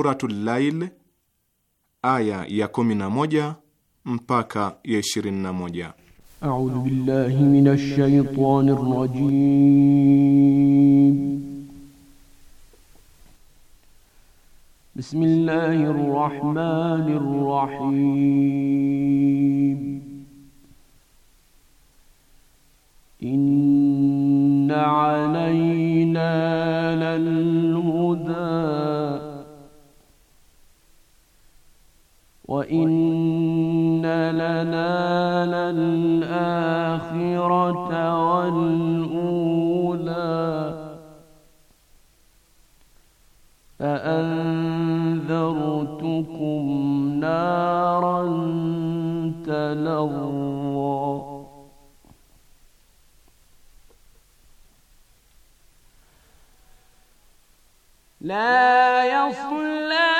Suratul Lail aya ya moja mpaka ya 21. A'udhu billahi minash shaitanir rajim. Bismillahir rahmanir rahim. لنا للآخرة والأولى فأنذرتكم نارا تلظى لا يصلى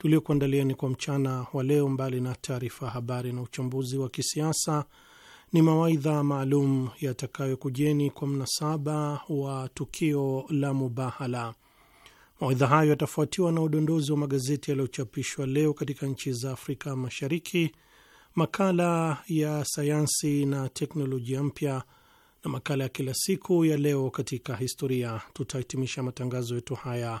tuliokuandaliani kwa mchana wa leo, mbali na taarifa ya habari na uchambuzi wa kisiasa, ni mawaidha maalum yatakayokujeni kwa mnasaba wa tukio la Mubahala. Mawaidha hayo yatafuatiwa na udondozi wa magazeti yaliyochapishwa leo katika nchi za Afrika Mashariki, makala ya sayansi na teknolojia mpya na makala ya kila siku ya leo katika historia. Tutahitimisha matangazo yetu haya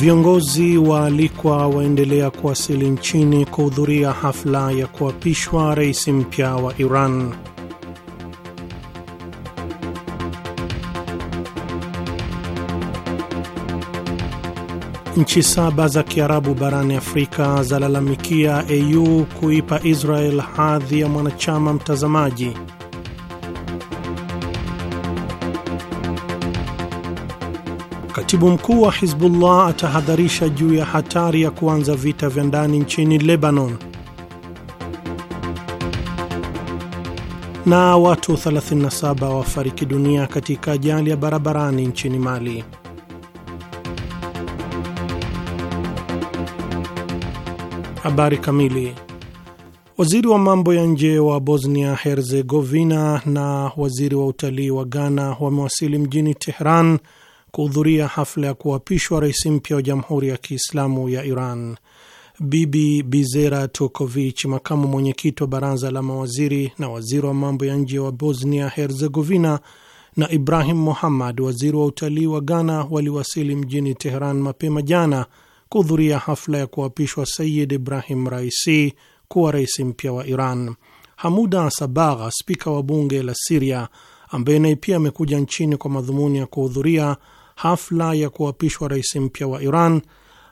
Viongozi waalikwa waendelea kuwasili nchini kuhudhuria hafla ya kuapishwa rais mpya wa Iran. Nchi saba za Kiarabu barani Afrika zalalamikia au kuipa Israel hadhi ya mwanachama mtazamaji Katibu mkuu wa Hizbullah atahadharisha juu ya hatari ya kuanza vita vya ndani nchini Lebanon. Na watu 37 wafariki dunia katika ajali ya barabarani nchini Mali. Habari kamili. Waziri wa mambo ya nje wa Bosnia Herzegovina na waziri wa utalii wa Ghana wamewasili mjini Tehran kuhudhuria hafla ya kuapishwa rais mpya wa Jamhuri ya Kiislamu ya Iran. Bibi Bizera Tokovich, makamu mwenyekiti wa baraza la mawaziri na waziri wa mambo ya nje wa Bosnia Herzegovina, na Ibrahim Muhammad, waziri wa utalii wa Ghana, waliwasili mjini Teheran mapema jana kuhudhuria hafla ya kuapishwa Sayid Ibrahim Raisi kuwa rais mpya wa Iran. Hamuda Sabagha, spika wa bunge la Siria, ambaye naye pia amekuja nchini kwa madhumuni ya kuhudhuria hafla ya kuapishwa rais mpya wa Iran.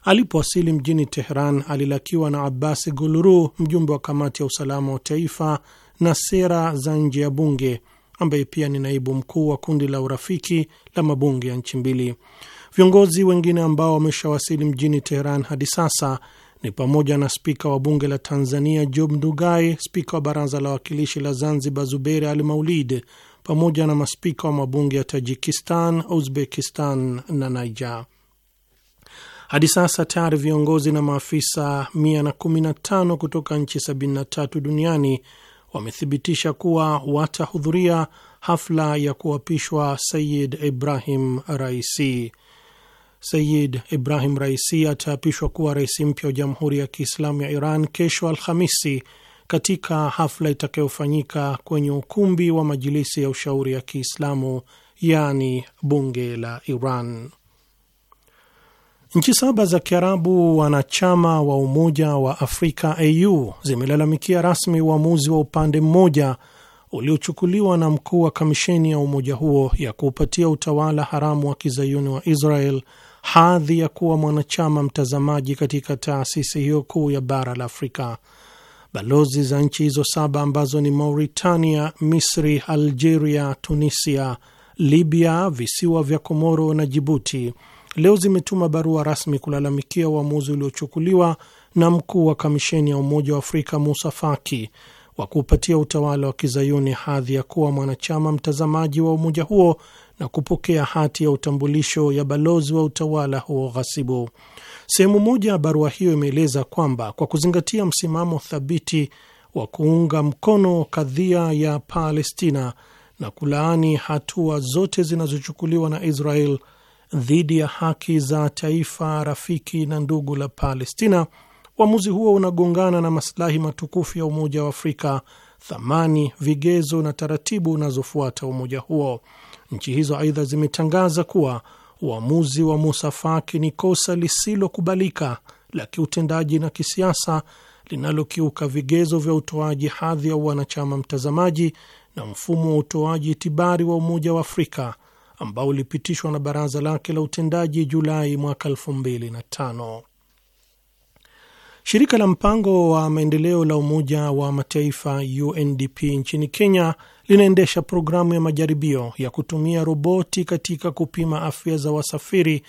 Alipowasili mjini Teheran, alilakiwa na Abbas Guluru, mjumbe wa kamati ya usalama wa taifa na sera za nje ya bunge, ambaye pia ni naibu mkuu wa kundi la urafiki la mabunge ya nchi mbili. Viongozi wengine ambao wameshawasili mjini Teheran hadi sasa ni pamoja na spika wa bunge la Tanzania Job Ndugai, spika wa baraza la wawakilishi la Zanzibar Zuberi Al Maulid, pamoja na maspika wa mabunge ya Tajikistan, Uzbekistan na Niger. Hadi sasa tayari viongozi na maafisa 115 kutoka nchi 73 duniani wamethibitisha kuwa watahudhuria hafla ya kuapishwa Sayid Ibrahim Raisi. Sayid Ibrahim Raisi ataapishwa kuwa rais mpya wa Jamhuri ya Kiislamu ya Iran kesho Alhamisi katika hafla itakayofanyika kwenye ukumbi wa majilisi ya ushauri ya Kiislamu, yaani bunge la Iran. Nchi saba za Kiarabu wanachama wa Umoja wa Afrika au zimelalamikia rasmi uamuzi wa upande mmoja uliochukuliwa na mkuu wa kamisheni ya umoja huo ya kuupatia utawala haramu wa kizayuni wa Israel hadhi ya kuwa mwanachama mtazamaji katika taasisi hiyo kuu ya bara la Afrika. Balozi za nchi hizo saba ambazo ni Mauritania, Misri, Algeria, Tunisia, Libya, visiwa vya Komoro na Jibuti leo zimetuma barua rasmi kulalamikia uamuzi uliochukuliwa na mkuu wa kamisheni ya Umoja wa Afrika Musa Faki wa kupatia utawala wa kizayuni hadhi ya kuwa mwanachama mtazamaji wa umoja huo na kupokea hati ya utambulisho ya balozi wa utawala huo ghasibu. Sehemu moja ya barua hiyo imeeleza kwamba kwa kuzingatia msimamo thabiti wa kuunga mkono kadhia ya Palestina na kulaani hatua zote zinazochukuliwa na Israel dhidi ya haki za taifa rafiki na ndugu la Palestina, uamuzi huo unagongana na masilahi matukufu ya Umoja wa Afrika, thamani, vigezo na taratibu unazofuata umoja huo. Nchi hizo aidha zimetangaza kuwa uamuzi wa Musa Faki ni kosa lisilokubalika la kiutendaji na kisiasa linalokiuka vigezo vya utoaji hadhi ya wanachama mtazamaji na mfumo wa utoaji itibari wa Umoja wa Afrika ambao ulipitishwa na baraza lake la utendaji Julai mwaka 2005. Shirika la mpango wa maendeleo la Umoja wa Mataifa UNDP nchini Kenya linaendesha programu ya majaribio ya kutumia roboti katika kupima afya za wasafiri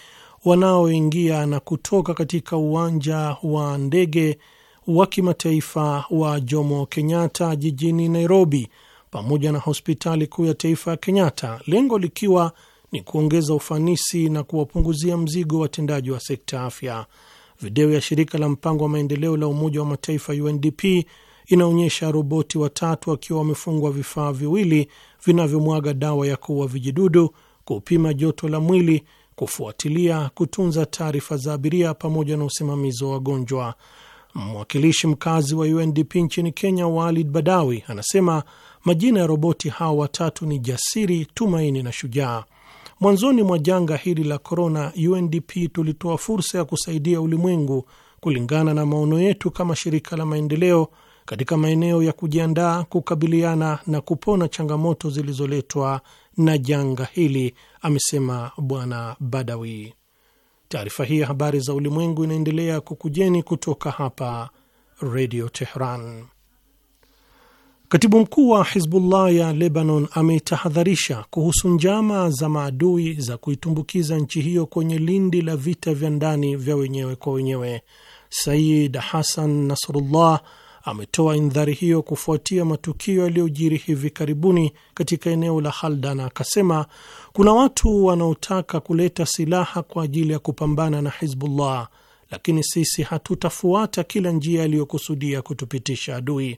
wanaoingia na kutoka katika uwanja wa ndege wa kimataifa wa Jomo Kenyatta jijini Nairobi pamoja na hospitali kuu ya taifa ya Kenyatta, lengo likiwa ni kuongeza ufanisi na kuwapunguzia mzigo watendaji wa sekta afya. Video ya shirika la mpango wa maendeleo la Umoja wa Mataifa UNDP inaonyesha roboti watatu wakiwa wamefungwa vifaa viwili vinavyomwaga dawa ya kuua vijidudu, kupima joto la mwili, kufuatilia, kutunza taarifa za abiria pamoja na usimamizi wa wagonjwa. Mwakilishi mkazi wa UNDP nchini Kenya, Walid Badawi, anasema majina ya roboti hao watatu ni Jasiri, Tumaini na Shujaa. Mwanzoni mwa janga hili la korona, UNDP tulitoa fursa ya kusaidia ulimwengu kulingana na maono yetu kama shirika la maendeleo katika maeneo ya kujiandaa kukabiliana na kupona changamoto zilizoletwa na janga hili, amesema Bwana Badawi. Taarifa hii ya habari za ulimwengu inaendelea kukujeni kutoka hapa Redio Tehran. Katibu mkuu wa Hizbullah ya Lebanon ametahadharisha kuhusu njama za maadui za kuitumbukiza nchi hiyo kwenye lindi la vita vya ndani vya wenyewe kwa wenyewe. Sayid Hasan Nasrullah ametoa indhari hiyo kufuatia matukio yaliyojiri hivi karibuni katika eneo la Halda na akasema kuna watu wanaotaka kuleta silaha kwa ajili ya kupambana na Hizbullah, lakini sisi hatutafuata kila njia aliyokusudia kutupitisha adui.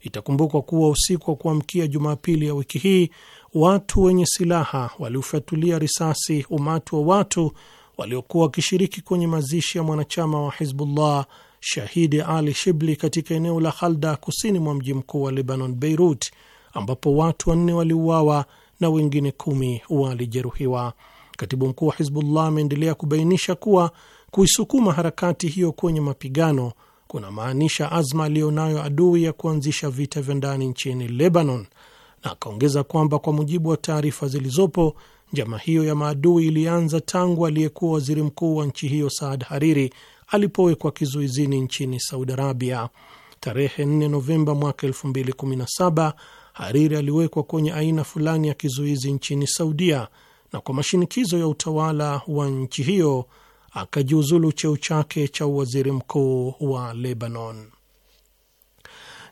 Itakumbukwa kuwa usiku wa kuamkia Jumapili ya wiki hii watu wenye silaha waliufyatulia risasi umati wa watu waliokuwa wakishiriki kwenye mazishi ya mwanachama wa Hizbullah shahidi Ali Shibli katika eneo la Khalda kusini mwa mji mkuu wa Lebanon, Beirut, ambapo watu wanne waliuawa na wengine kumi walijeruhiwa. Katibu mkuu wa Hizbullah ameendelea kubainisha kuwa kuisukuma harakati hiyo kwenye mapigano kuna maanisha azma aliyonayo adui ya kuanzisha vita vya ndani nchini Lebanon, na akaongeza kwamba kwa mujibu wa taarifa zilizopo, njama hiyo ya maadui ilianza tangu aliyekuwa waziri mkuu wa nchi hiyo Saad Hariri alipowekwa kizuizini nchini Saudi Arabia. Tarehe 4 Novemba mwaka 2017 Hariri aliwekwa kwenye aina fulani ya kizuizi nchini Saudia, na kwa mashinikizo ya utawala wa nchi hiyo akajiuzulu cheo chake cha uwaziri mkuu wa Lebanon.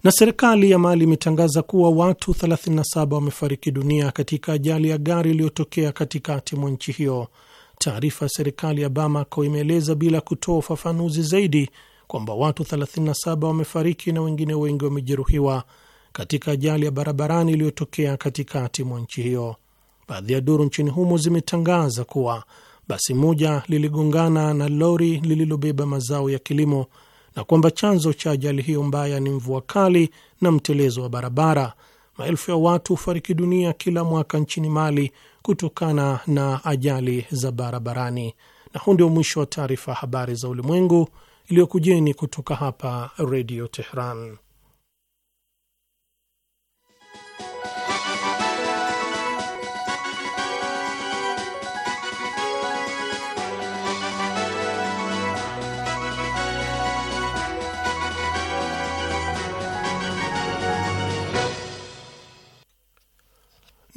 Na serikali ya Mali imetangaza kuwa watu 37 wamefariki dunia katika ajali ya gari iliyotokea katikati mwa nchi hiyo. Taarifa ya serikali ya Bamako imeeleza bila kutoa ufafanuzi zaidi kwamba watu 37 wamefariki na wengine wengi wamejeruhiwa katika ajali ya barabarani iliyotokea katikati mwa nchi hiyo. Baadhi ya duru nchini humo zimetangaza kuwa basi moja liligongana na lori lililobeba mazao ya kilimo na kwamba chanzo cha ajali hiyo mbaya ni mvua kali na mtelezo wa barabara. Maelfu ya watu hufariki dunia kila mwaka nchini Mali kutokana na ajali za barabarani. Na huu ndio mwisho wa taarifa habari za ulimwengu iliyokujeni kutoka hapa Redio Tehran.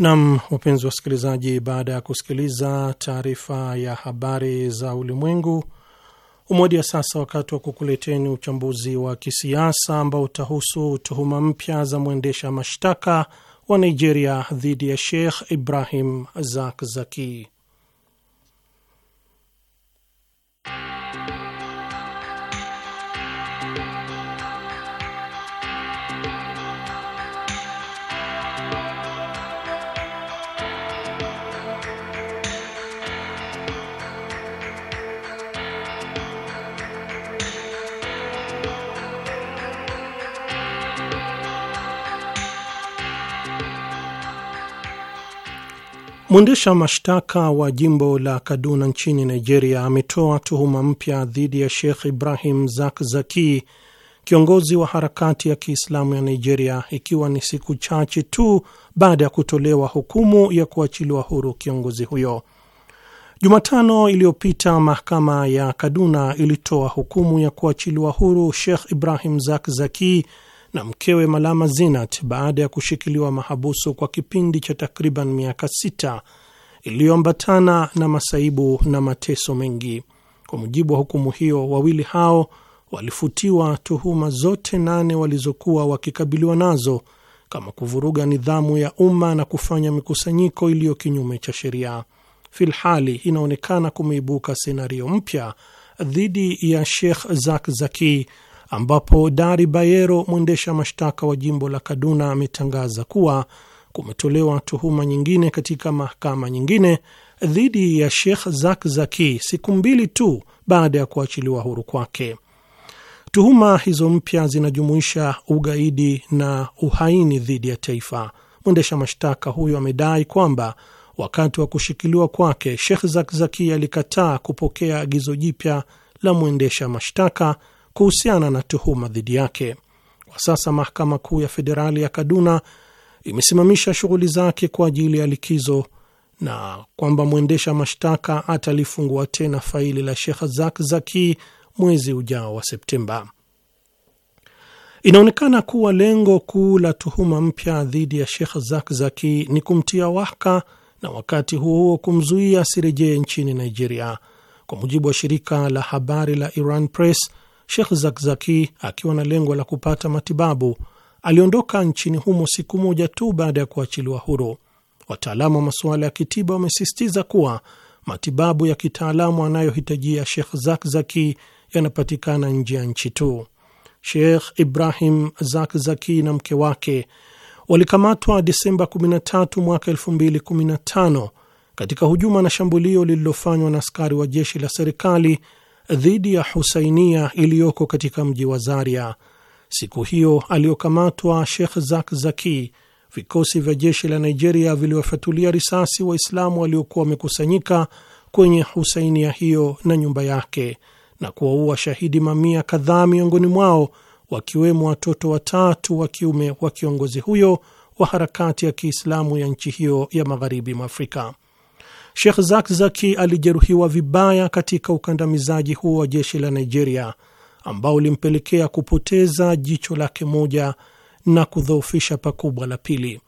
Nam, wapenzi wasikilizaji, baada ya kusikiliza taarifa ya habari za ulimwengu, umoja sasa wakati wa kukuleteni uchambuzi wa kisiasa ambao utahusu tuhuma mpya za mwendesha mashtaka wa Nigeria dhidi ya Sheikh Ibrahim Zakzaki. Mwendesha mashtaka wa jimbo la Kaduna nchini Nigeria ametoa tuhuma mpya dhidi ya Sheikh Ibrahim Zakzaki, kiongozi wa harakati ya Kiislamu ya Nigeria, ikiwa ni siku chache tu baada ya kutolewa hukumu ya kuachiliwa huru kiongozi huyo. Jumatano iliyopita mahakama ya Kaduna ilitoa hukumu ya kuachiliwa huru Sheikh Ibrahim Zakzaki na mkewe Malama Zinat baada ya kushikiliwa mahabusu kwa kipindi cha takriban miaka sita iliyoambatana na masaibu na mateso mengi. Kwa mujibu wa hukumu hiyo, wawili hao walifutiwa tuhuma zote nane walizokuwa wakikabiliwa nazo kama kuvuruga nidhamu ya umma na kufanya mikusanyiko iliyo kinyume cha sheria. Filhali inaonekana kumeibuka senario mpya dhidi ya Sheikh Zakzaki ambapo Dari Bayero, mwendesha mashtaka wa jimbo la Kaduna, ametangaza kuwa kumetolewa tuhuma nyingine katika mahakama nyingine dhidi ya Sheikh Zakzaki siku mbili tu baada ya kuachiliwa huru kwake. Tuhuma hizo mpya zinajumuisha ugaidi na uhaini dhidi ya taifa. Mwendesha mashtaka huyo amedai kwamba wakati wa kushikiliwa kwake Sheikh Zakzaki alikataa kupokea agizo jipya la mwendesha mashtaka kuhusiana na tuhuma dhidi yake. Kwa sasa mahakama kuu ya federali ya Kaduna imesimamisha shughuli zake kwa ajili ya likizo na kwamba mwendesha mashtaka atalifungua tena faili la Shekh Zakzaki mwezi ujao wa Septemba. Inaonekana kuwa lengo kuu la tuhuma mpya dhidi ya Shekh Zakzaki ni kumtia waka na wakati huo huo kumzuia asirejee nchini Nigeria. Kwa mujibu wa shirika la habari la Iran Press, Shekh Zakzaki akiwa na lengo la kupata matibabu aliondoka nchini humo siku moja tu baada ya kuachiliwa huru. Wataalamu wa masuala ya kitiba wamesisitiza kuwa matibabu ya kitaalamu anayohitajia Shekh Zakzaki yanapatikana nje ya nchi tu. Shekh Ibrahim Zakzaki na mke wake walikamatwa Disemba 13 mwaka 2015 katika hujuma na shambulio lililofanywa na askari wa jeshi la serikali dhidi ya Husainia iliyoko katika mji wa Zaria. Siku hiyo aliyokamatwa Sheikh Zak Zaki, vikosi vya jeshi la Nigeria viliwafyatulia risasi Waislamu waliokuwa wamekusanyika kwenye Husainia hiyo na nyumba yake na kuwaua shahidi mamia kadhaa, miongoni mwao wakiwemo watoto watatu wa kiume wa kiongozi huyo wa harakati ya Kiislamu ya nchi hiyo ya magharibi mwa Afrika. Sheikh Zakzaki alijeruhiwa vibaya katika ukandamizaji huo wa jeshi la Nigeria ambao ulimpelekea kupoteza jicho lake moja na kudhoofisha pakubwa la pili.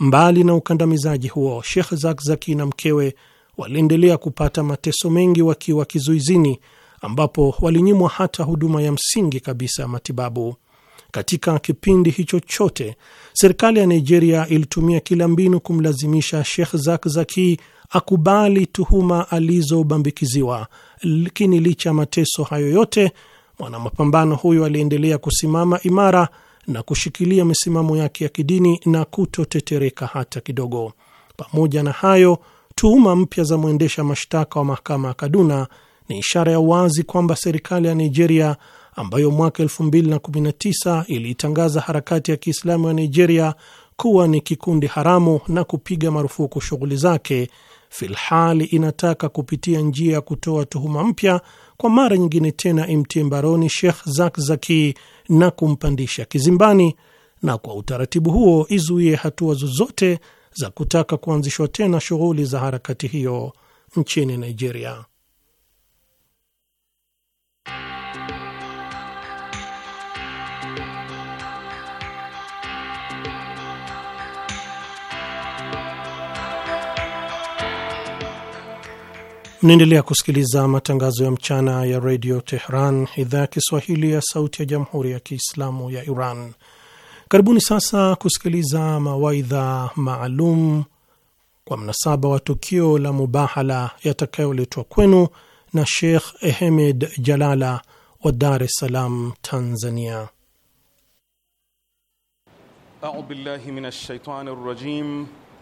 Mbali na ukandamizaji huo, Sheikh Zakzaki na mkewe waliendelea kupata mateso mengi wakiwa kizuizini, ambapo walinyimwa hata huduma ya msingi kabisa ya matibabu. Katika kipindi hicho chote, serikali ya Nigeria ilitumia kila mbinu kumlazimisha Sheikh Zakzaki akubali tuhuma alizobambikiziwa. Lakini licha ya mateso hayo yote, mwanamapambano huyo aliendelea kusimama imara na kushikilia misimamo yake ya kidini na kutotetereka hata kidogo. Pamoja na hayo, tuhuma mpya za mwendesha mashtaka wa mahakama ya Kaduna ni ishara ya wazi kwamba serikali ya Nigeria ambayo mwaka 2019 iliitangaza harakati ya Kiislamu ya Nigeria kuwa ni kikundi haramu na kupiga marufuku shughuli zake filhali inataka kupitia njia ya kutoa tuhuma mpya kwa mara nyingine tena imtie mbaroni Sheikh Zakzaki na kumpandisha kizimbani, na kwa utaratibu huo izuie hatua zozote za kutaka kuanzishwa tena shughuli za harakati hiyo nchini Nigeria. Mnaendelea kusikiliza matangazo ya mchana ya redio Tehran, idhaa ya Kiswahili ya sauti ya jamhuri ya kiislamu ya Iran. Karibuni sasa kusikiliza mawaidha maalum kwa mnasaba wa tukio la Mubahala yatakayoletwa kwenu na Sheikh ehemed Jalala wa Dar es Salaam, Tanzania. Audhu billahi minash shaitani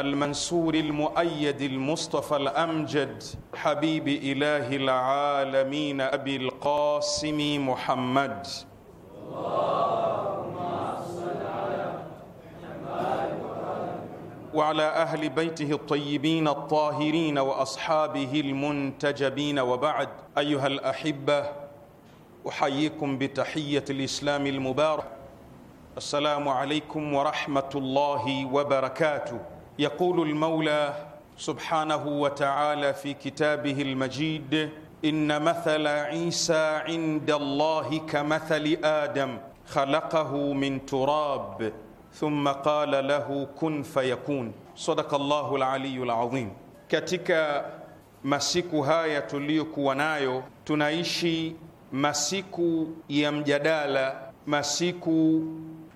المنصور المؤيد المصطفى الأمجد حبيب إله العالمين أبي القاسم محمد وعلى أهل بيته الطيبين الطاهرين وأصحابه المنتجبين وبعد أيها الأحبة أحييكم بتحية الإسلام المبارك السلام عليكم ورحمة الله وبركاته يقول المولى سبحانه وتعالى في كتابه المجيد ان مثل عيسى عند الله كمثل ادم خلقه من تراب ثم قال له kun fayakun. Sadaka Allahu al-aliyu al Katika masiku haya tuliyokuwa nayo, tunaishi masiku ya mjadala, masiku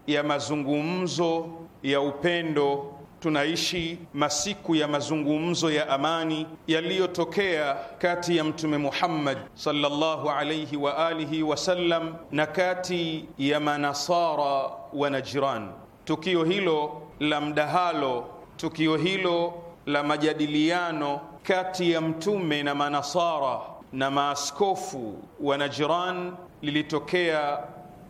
ya mazungumzo ya upendo tunaishi masiku ya mazungumzo ya amani yaliyotokea kati ya Mtume Muhammad sallallahu alayhi wa alihi wasallam na kati ya manasara wa najiran Tukio hilo la mdahalo, tukio hilo la majadiliano kati ya Mtume na manasara na maaskofu wa najiran lilitokea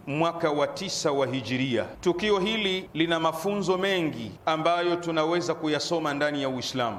mwaka wa tisa wa hijiria. Tukio hili lina mafunzo mengi ambayo tunaweza kuyasoma ndani ya Uislamu,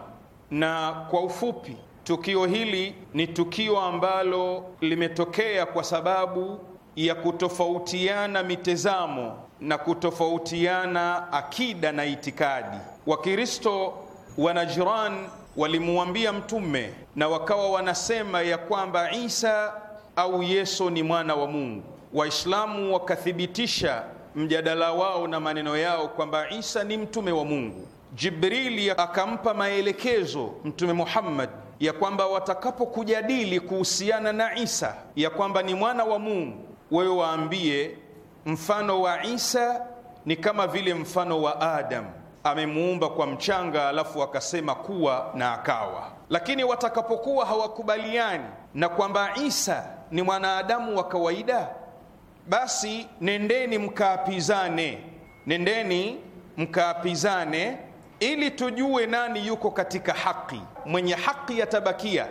na kwa ufupi, tukio hili ni tukio ambalo limetokea kwa sababu ya kutofautiana mitazamo na kutofautiana akida na itikadi. Wakristo wa Najran walimwambia Mtume na wakawa wanasema ya kwamba Isa au Yesu ni mwana wa Mungu Waislamu wakathibitisha mjadala wao na maneno yao kwamba Isa ni mtume wa Mungu. Jibrili akampa maelekezo Mtume Muhammad ya kwamba watakapokujadili kuhusiana na Isa ya kwamba ni mwana wa Mungu, wewe waambie mfano wa Isa ni kama vile mfano wa Adam, amemuumba kwa mchanga, alafu akasema kuwa na akawa. Lakini watakapokuwa hawakubaliani na kwamba Isa ni mwanadamu wa kawaida basi nendeni mkaapizane, nendeni mkaapizane ili tujue nani yuko katika haki. Mwenye haki atabakia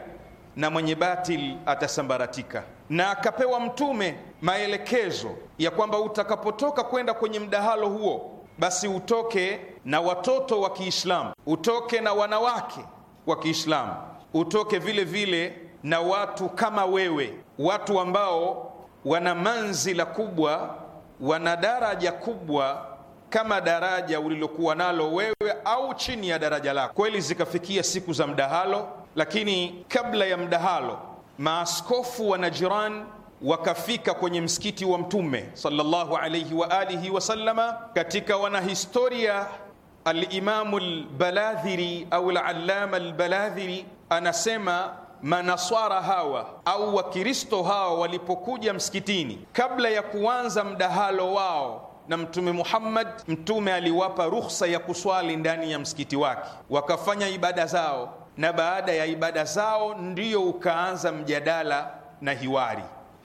na mwenye batil atasambaratika. Na akapewa Mtume maelekezo ya kwamba utakapotoka kwenda kwenye mdahalo huo, basi utoke na watoto wa Kiislamu, utoke na wanawake wa Kiislamu, utoke vile vile na watu kama wewe, watu ambao wana manzila kubwa, wana daraja kubwa kama daraja ulilokuwa nalo wewe au chini ya daraja lako. Kweli zikafikia siku za mdahalo, lakini kabla ya mdahalo maaskofu wa Najiran wakafika kwenye msikiti wa Mtume sallallahu alayhi wa alihi wasallama. Katika wanahistoria Alimamu Lbaladhiri au Alallama Lbaladhiri anasema manaswara hawa au wakristo hawa walipokuja msikitini, kabla ya kuanza mdahalo wao na Mtume Muhammad, Mtume aliwapa ruhusa ya kuswali ndani ya msikiti wake, wakafanya ibada zao, na baada ya ibada zao ndiyo ukaanza mjadala na hiwari.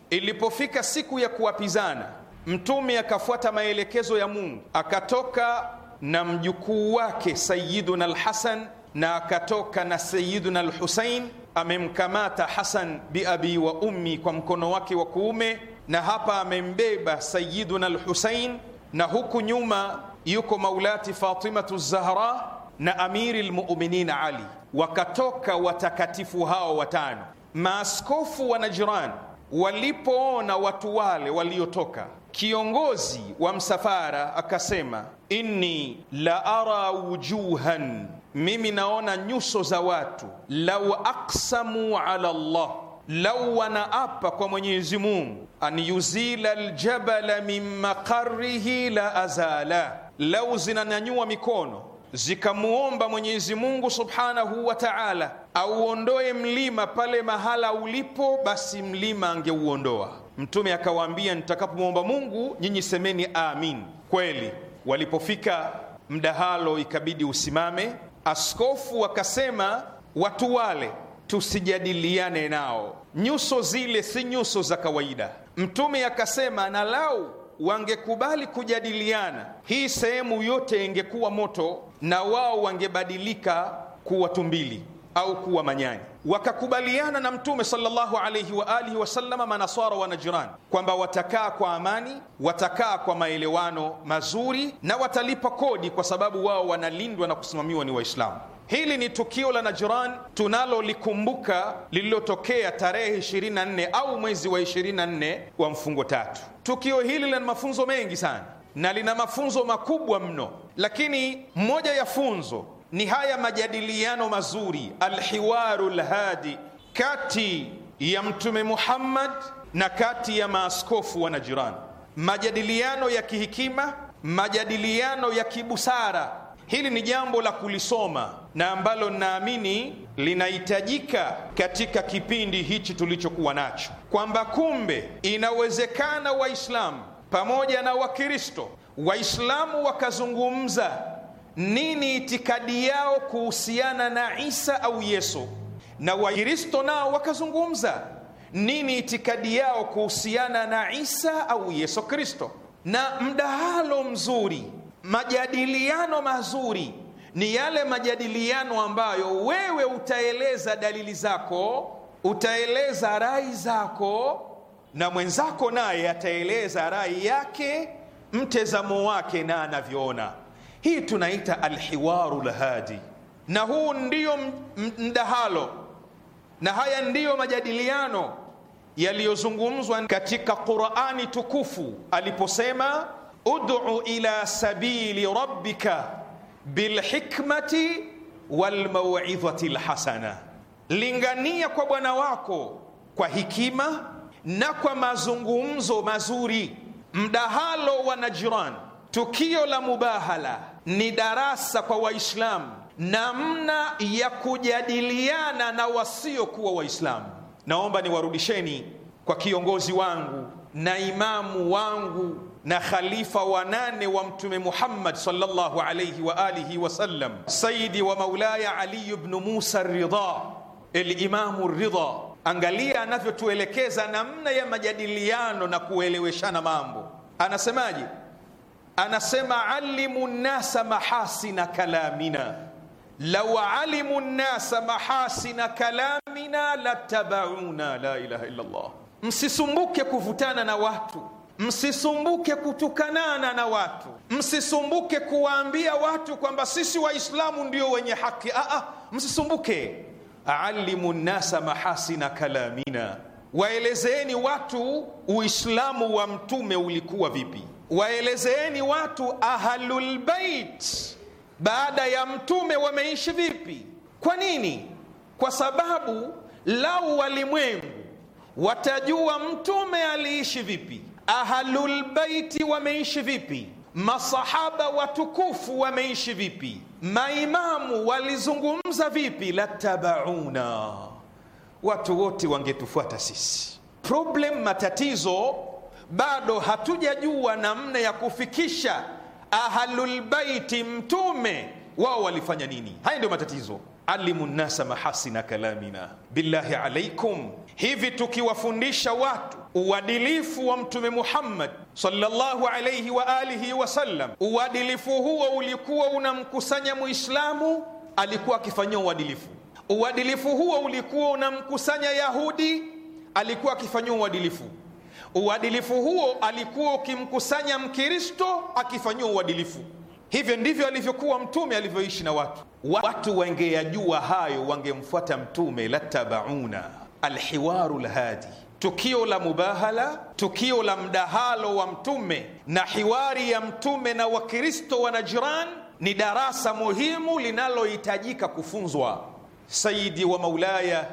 Ilipofika siku ya kuwapizana, Mtume akafuata maelekezo ya Mungu, akatoka na mjukuu wake Sayyiduna Alhasan na akatoka na Sayyiduna al-Husain amemkamata Hasan biabi wa ummi kwa mkono wake wa kuume, na hapa amembeba Sayyiduna al-Husain, na huku nyuma yuko maulati Fatimatu Zahra na amiri lmuminin Ali. Wakatoka watakatifu hao watano. Maaskofu wa Najran walipoona watu wale waliotoka, kiongozi wa msafara akasema, inni la ara wujuhan mimi naona nyuso za watu, lau aksamu ala Allah, lau wanaapa kwa Mwenyezi Mungu, an yuzila ljabala min maqarihi la azala, lau zinanyanyua mikono zikamuomba Mwenyezi Mungu subhanahu wa taala auondoe mlima pale mahala ulipo, basi mlima angeuondoa. Mtume akawaambia, nitakapomwomba Mungu nyinyi semeni amin. Kweli walipofika mdahalo, ikabidi usimame Askofu akasema watu wale tusijadiliane nao, nyuso zile si nyuso za kawaida. Mtume akasema na lau wangekubali kujadiliana, hii sehemu yote ingekuwa moto na wao wangebadilika kuwa tumbili au kuwa manyanyi. Wakakubaliana na Mtume sallallahu alayhi wa alihi wasallama manaswara wa Najirani, kwamba watakaa kwa amani, watakaa kwa maelewano mazuri na watalipa kodi, kwa sababu wao wanalindwa na kusimamiwa ni Waislamu. Hili ni tukio la najiran tunalolikumbuka lililotokea tarehe 24 au mwezi wa 24 wa mfungo tatu. Tukio hili lina mafunzo mengi sana na lina mafunzo makubwa mno, lakini moja ya funzo ni haya majadiliano mazuri, alhiwaru lhadi, kati ya Mtume Muhammad na kati ya maaskofu wa jirani, majadiliano ya kihikima, majadiliano ya kibusara. Hili ni jambo la kulisoma na ambalo naamini linahitajika katika kipindi hichi tulichokuwa nacho, kwamba kumbe inawezekana Waislamu pamoja na Wakristo, Waislamu wakazungumza nini itikadi yao kuhusiana na Isa au Yesu, na Wakristo nao wakazungumza nini itikadi yao kuhusiana na Isa au Yesu Kristo, na mdahalo mzuri, majadiliano mazuri ni yale majadiliano ambayo wewe utaeleza dalili zako, utaeleza rai zako, na mwenzako naye ataeleza rai yake, mtazamo wake na anavyoona. Hii tunaita alhiwaru lhadi, na huu ndiyo mdahalo na haya ndiyo majadiliano yaliyozungumzwa katika Qurani tukufu aliposema ud'u ila sabili rabbika bilhikmati walmauidhati lhasana, lingania kwa Bwana wako kwa hikima na kwa mazungumzo mazuri. Mdahalo wa Najirani Tukio la mubahala ni darasa kwa Waislamu namna ya kujadiliana na wasiokuwa Waislamu. Naomba niwarudisheni kwa kiongozi wangu na imamu wangu na khalifa wa nane wa Mtume Muhammad sallallahu alayhi wa alihi wasallam, saidi wa maulaya Ali ibn Musa Ridha, Elimamu Ridha. Angalia anavyotuelekeza namna ya majadiliano na kueleweshana mambo, anasemaje? anasema alimu nnasa mahasina kalamina lau alimu nnasa mahasina kalamina latabauna la ilaha illa llah msisumbuke kuvutana na watu msisumbuke kutukanana na watu msisumbuke kuwaambia watu kwamba sisi waislamu ndio wenye haki Aa, ah, ah, msisumbuke alimu nnasa mahasina kalamina waelezeeni watu uislamu wa mtume ulikuwa vipi waelezeeni watu ahlulbeit baada ya mtume wameishi vipi. Kwa nini? Kwa sababu lau walimwengu watajua mtume aliishi vipi, ahlulbeiti wameishi vipi, masahaba watukufu wameishi vipi, maimamu walizungumza vipi, latabauna, watu wote wangetufuata sisi. Problem, matatizo bado hatujajua namna ya kufikisha ahlulbaiti mtume wao walifanya nini. Haya ndio matatizo. alimu nnasa mahasina kalamina, billahi alaikum, hivi tukiwafundisha watu uadilifu wa Mtume Muhammad sallallahu alaihi wa alihi wasallam, uadilifu huo ulikuwa unamkusanya Muislamu alikuwa akifanyia uadilifu. Uadilifu huo ulikuwa unamkusanya Yahudi alikuwa akifanyia uadilifu. Uadilifu huo alikuwa ukimkusanya Mkristo akifanyiwa uadilifu. Hivyo ndivyo alivyokuwa Mtume alivyoishi na watu. Watu wangeyajua hayo wangemfuata Mtume, latabauna alhiwaru lhadi. Tukio la mubahala, tukio la mdahalo wa Mtume na hiwari ya Mtume na Wakristo wa najiran ni darasa muhimu linalohitajika kufunzwa. Sayidi wa maulaya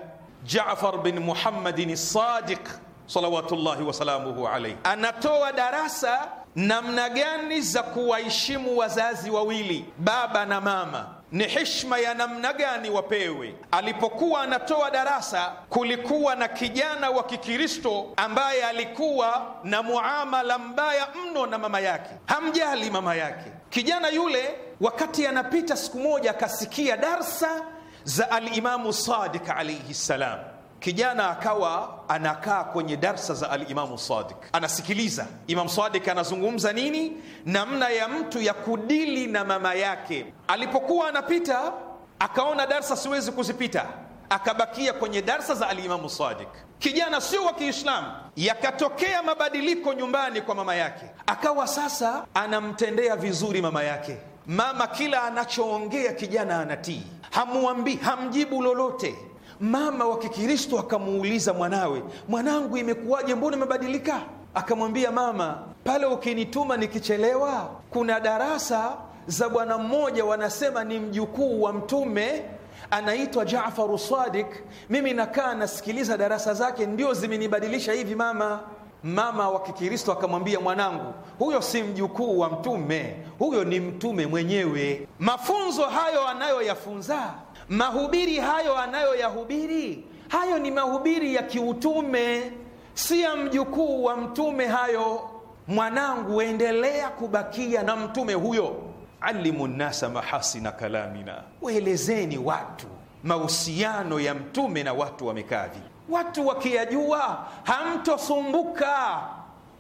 Jafar bin Muhammadin Sadiq salawatullahi wasalamuhu alaihi, anatoa darasa namna gani za kuwaheshimu wazazi wawili, baba na mama ni heshima ya namna gani wapewe. Alipokuwa anatoa darasa, kulikuwa na kijana wa Kikristo ambaye alikuwa na muamala mbaya mno na mama yake, hamjali mama yake. Kijana yule wakati anapita, siku moja akasikia darsa za Alimamu Sadiq alaihi ssalam kijana akawa anakaa kwenye darsa za alimamu sadik anasikiliza Imamu sadik anazungumza nini, namna ya mtu ya kudili na mama yake. Alipokuwa anapita akaona darsa, siwezi kuzipita, akabakia kwenye darsa za alimamu sadik Kijana sio wa Kiislamu, yakatokea mabadiliko nyumbani kwa mama yake, akawa sasa anamtendea vizuri mama yake. Mama kila anachoongea kijana anatii, hamwambii, hamjibu lolote Mama wa Kikristo akamuuliza mwanawe, mwanangu, imekuwaje? Mbona umebadilika? Akamwambia, mama, pale ukinituma nikichelewa, kuna darasa za bwana mmoja wanasema ni mjukuu wa Mtume, anaitwa Jafaru Sadik. Mimi nakaa nasikiliza darasa zake, ndio zimenibadilisha hivi mama. Mama wa Kikristo akamwambia, mwanangu, huyo si mjukuu wa Mtume, huyo ni Mtume mwenyewe. Mafunzo hayo anayoyafunza mahubiri hayo anayoyahubiri hayo ni mahubiri ya kiutume si ya mjukuu wa mtume hayo mwanangu endelea kubakia na mtume huyo alimu nnasa mahasina kalamina waelezeni watu mahusiano ya mtume na watu wamekavi watu wakiyajua hamtosumbuka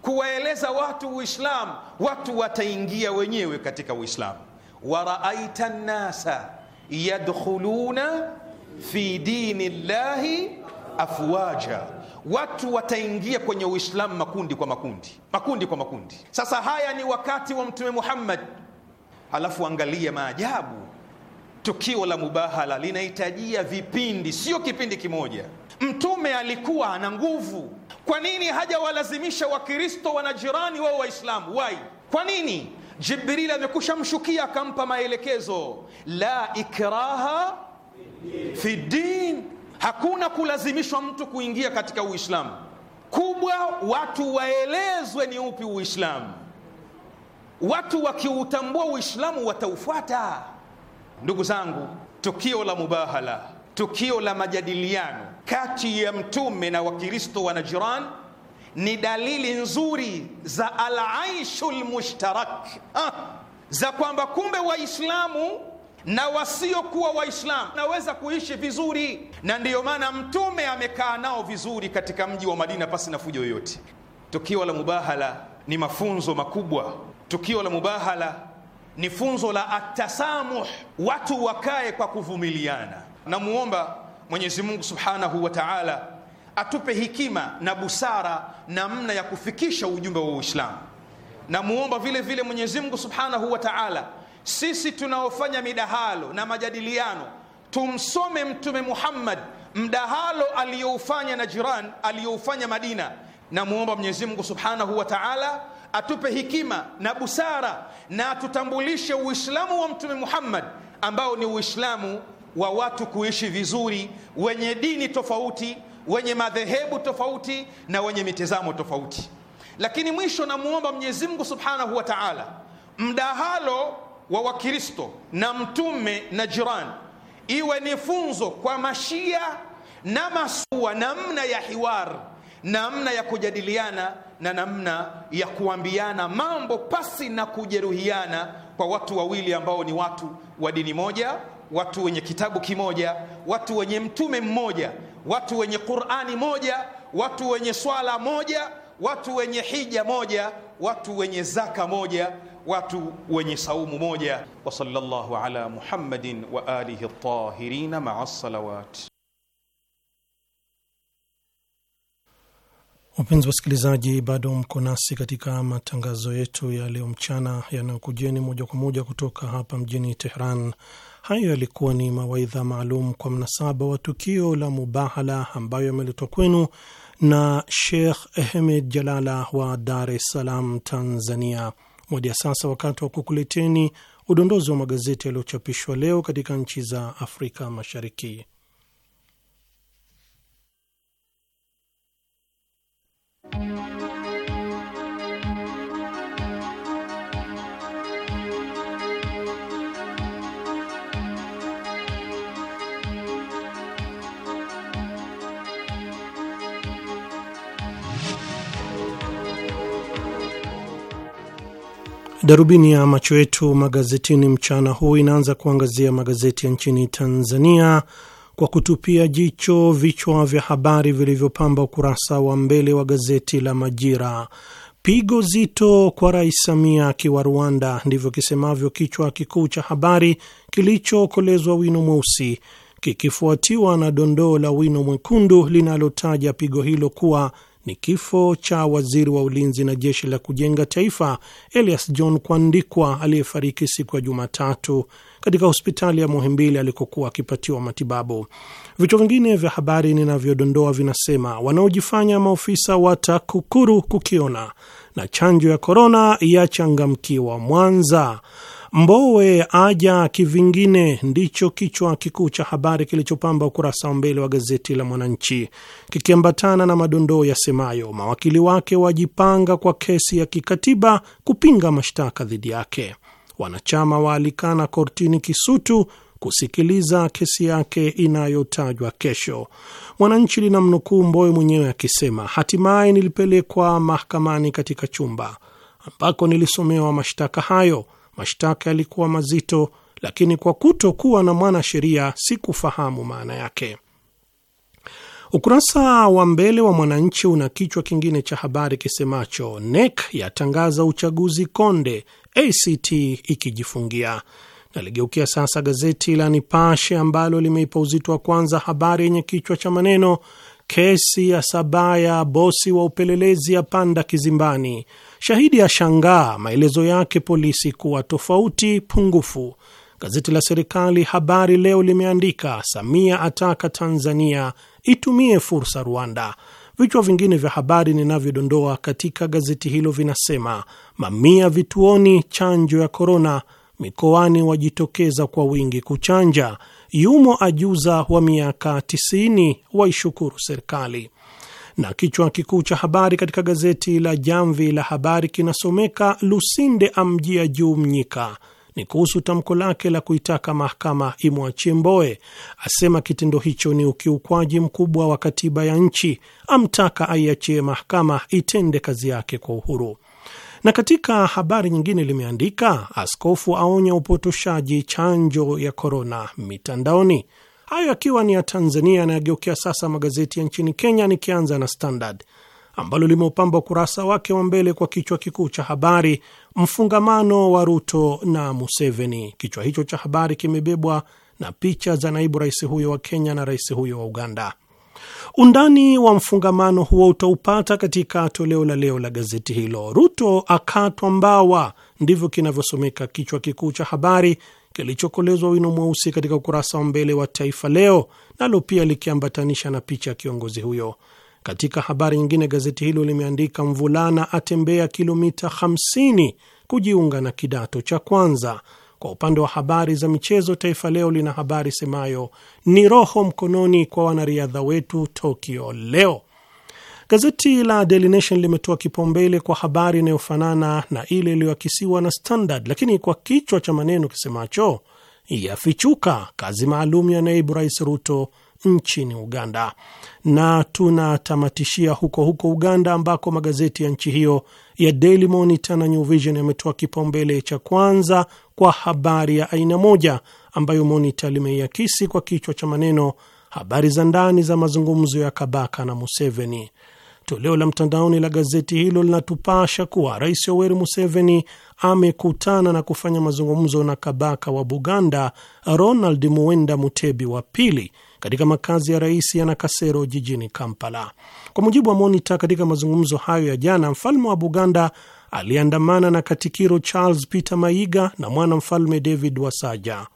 kuwaeleza watu uislamu watu wataingia wenyewe katika uislamu waraaita nnasa yadkhuluna fi dini llahi afwaja, watu wataingia kwenye Uislamu makundi kwa makundi, makundi kwa makundi. Sasa haya ni wakati wa Mtume Muhammad, halafu angalia maajabu. Tukio la mubahala linahitajia vipindi, sio kipindi kimoja. Mtume alikuwa ana nguvu. Kwa nini hajawalazimisha Wakristo wanajirani wao Waislamu? Wai, kwa nini? Jibrili mshukia akampa maelekezo, la ikraha fi din, hakuna kulazimishwa mtu kuingia katika Uislamu. Kubwa watu waelezwe ni upi Uislamu. Watu wakiutambua Uislamu wataufuata. Ndugu zangu, tukio la mubahala, tukio la majadiliano kati ya mtume na Wakristo wa najiran ni dalili nzuri za alaishu lmushtarak ah, za kwamba kumbe Waislamu na wasiokuwa Waislamu naweza kuishi vizuri, na ndiyo maana Mtume amekaa nao vizuri katika mji wa Madina pasi na fujo yoyote. Tukio la Mubahala ni mafunzo makubwa. Tukio la Mubahala ni funzo la atasamuh, watu wakae kwa kuvumiliana. Namuomba Mwenyezi Mungu subhanahu wa taala atupe hikima na busara namna ya kufikisha ujumbe wa Uislamu. Namuomba vile vile Mwenyezi Mungu Subhanahu wa Ta'ala, sisi tunaofanya midahalo na majadiliano tumsome Mtume Muhammad mdahalo aliyoufanya na jiran aliyoufanya Madina. Namuomba Mwenyezi Mungu Subhanahu wa Ta'ala atupe hikima na busara na atutambulishe Uislamu wa Mtume Muhammad ambao ni Uislamu wa watu kuishi vizuri, wenye dini tofauti wenye madhehebu tofauti na wenye mitazamo tofauti. Lakini mwisho namwomba Mwenyezi Mungu Subhanahu wa Ta'ala, mdahalo wa Wakristo na mtume na jirani iwe ni funzo kwa mashia na masua, namna ya hiwar, namna ya kujadiliana na namna ya kuambiana mambo pasi na kujeruhiana, kwa watu wawili ambao ni watu wa dini moja, watu wenye kitabu kimoja, watu wenye mtume mmoja watu wenye Qur'ani moja, watu wenye swala moja, watu wenye hija moja, watu wenye zaka moja, watu wenye saumu moja. Wa sallallahu ala Muhammadin wa alihi at-tahirin ma'a salawat. Wapenzi wasikilizaji, bado mko nasi katika matangazo yetu ya leo mchana yanayokujeni moja kwa moja kutoka hapa mjini Tehran Hayo yalikuwa ni mawaidha maalum kwa mnasaba wa tukio la Mubahala ambayo yameletwa kwenu na Sheikh Ahmed Jalala wa Dar es Salaam, Tanzania. Moja sasa, wakati wa kukuleteni udondozi wa magazeti yaliyochapishwa leo katika nchi za Afrika Mashariki. Darubini ya macho yetu magazetini mchana huu inaanza kuangazia magazeti ya nchini Tanzania kwa kutupia jicho vichwa vya habari vilivyopamba ukurasa wa mbele wa gazeti la Majira. Pigo zito kwa Rais Samia akiwa Rwanda, ndivyo kisemavyo kichwa kikuu cha habari kilichokolezwa wino mweusi, kikifuatiwa na dondoo la wino mwekundu linalotaja pigo hilo kuwa ni kifo cha waziri wa ulinzi na jeshi la kujenga taifa Elias John Kwandikwa aliyefariki siku ya Jumatatu katika hospitali ya Muhimbili alikokuwa akipatiwa matibabu. Vichwa vingine vya habari ninavyodondoa vinasema wanaojifanya maofisa wa TAKUKURU kukiona na chanjo ya korona yachangamkiwa Mwanza. Mbowe aja kivingine, ndicho kichwa kikuu cha habari kilichopamba ukurasa wa mbele wa gazeti la Mwananchi, kikiambatana na madondoo yasemayo mawakili wake wajipanga kwa kesi ya kikatiba kupinga mashtaka dhidi yake, wanachama waalikana kortini Kisutu kusikiliza kesi yake inayotajwa kesho. Mwananchi linamnukuu Mbowe mwenyewe akisema, hatimaye nilipelekwa mahakamani katika chumba ambako nilisomewa mashtaka hayo Mashtaka yalikuwa mazito, lakini kwa kutokuwa na mwanasheria sikufahamu maana yake. Ukurasa wa mbele wa Mwananchi una kichwa kingine cha habari kisemacho NEC yatangaza uchaguzi konde, ACT ikijifungia. Naligeukia sasa gazeti la Nipashe ambalo limeipa uzito wa kwanza habari yenye kichwa cha maneno kesi ya Sabaya, bosi wa upelelezi apanda kizimbani, Shahidi ashangaa maelezo yake polisi kuwa tofauti pungufu. Gazeti la serikali Habari Leo limeandika Samia ataka Tanzania itumie fursa Rwanda. Vichwa vingine vya habari ninavyodondoa katika gazeti hilo vinasema: mamia vituoni chanjo ya korona, mikoani wajitokeza kwa wingi kuchanja, yumo ajuza wa miaka 90 waishukuru serikali na kichwa kikuu cha habari katika gazeti la Jamvi la Habari kinasomeka Lusinde amjia juu Mnyika. Ni kuhusu tamko lake la kuitaka mahakama imwachie mboe asema kitendo hicho ni ukiukwaji mkubwa wa katiba ya nchi, amtaka aiachie mahakama itende kazi yake kwa uhuru na katika habari nyingine limeandika askofu aonya upotoshaji chanjo ya korona mitandaoni. Hayo akiwa ni ya Tanzania. Yanayogeukia sasa magazeti ya nchini Kenya, nikianza na Standard ambalo limeupamba ukurasa wake wa mbele kwa kichwa kikuu cha habari mfungamano wa Ruto na Museveni. Kichwa hicho cha habari kimebebwa na picha za naibu rais huyo wa Kenya na rais huyo wa Uganda. Undani wa mfungamano huo utaupata katika toleo la leo la gazeti hilo. Ruto akatwa mbawa, ndivyo kinavyosomeka kichwa kikuu cha habari kilichokolezwa wino mweusi katika ukurasa wa mbele wa Taifa Leo, nalo pia likiambatanisha na picha ya kiongozi huyo. Katika habari nyingine, gazeti hilo limeandika mvulana atembea kilomita 50 kujiunga na kidato cha kwanza. Kwa upande wa habari za michezo, Taifa Leo lina habari semayo ni roho mkononi kwa wanariadha wetu Tokyo leo. Gazeti la Daily Nation limetoa kipaumbele kwa habari inayofanana na ile iliyoakisiwa na Standard, lakini kwa kichwa cha maneno kisemacho yafichuka kazi maalum ya naibu rais Ruto nchini Uganda. Na tunatamatishia huko huko Uganda, ambako magazeti ya nchi hiyo ya Daily Monitor na New Vision yametoa kipaumbele cha kwanza kwa habari ya aina moja ambayo Monitor limeiakisi kwa kichwa cha maneno habari za ndani za mazungumzo ya Kabaka na Museveni. Toleo la mtandaoni la gazeti hilo linatupasha kuwa Rais Yoweri Museveni amekutana na kufanya mazungumzo na kabaka wa Buganda Ronald Muwenda Mutebi wa pili katika makazi ya rais ya Nakasero jijini Kampala. Kwa mujibu wa Monita, katika mazungumzo hayo ya jana, mfalme wa Buganda aliandamana na katikiro Charles Peter maiga na mwana mfalme David Wasaja.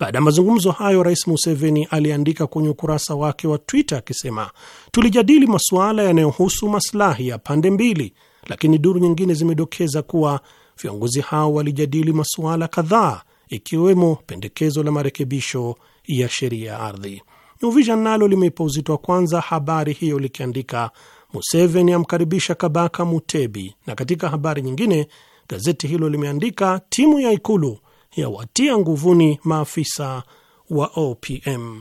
Baada ya mazungumzo hayo, Rais Museveni aliandika kwenye ukurasa wake wa Twitter akisema, tulijadili masuala yanayohusu maslahi ya pande mbili, lakini duru nyingine zimedokeza kuwa viongozi hao walijadili masuala kadhaa ikiwemo pendekezo la marekebisho ya sheria ya ardhi. New Vision nalo limeipa uzito wa kwanza habari hiyo likiandika, Museveni amkaribisha Kabaka Mutebi. Na katika habari nyingine, gazeti hilo limeandika timu ya Ikulu yawatia nguvuni maafisa wa OPM.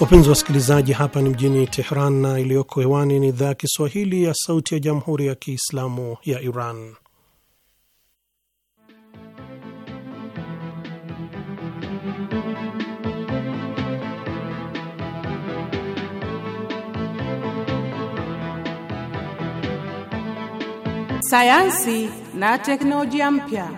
Wapenzi wasikilizaji, hapa ni mjini Tehran na iliyoko hewani ni idhaa ya Kiswahili ya Sauti ya Jamhuri ya Kiislamu ya Iran. sayansi na teknolojia mpya.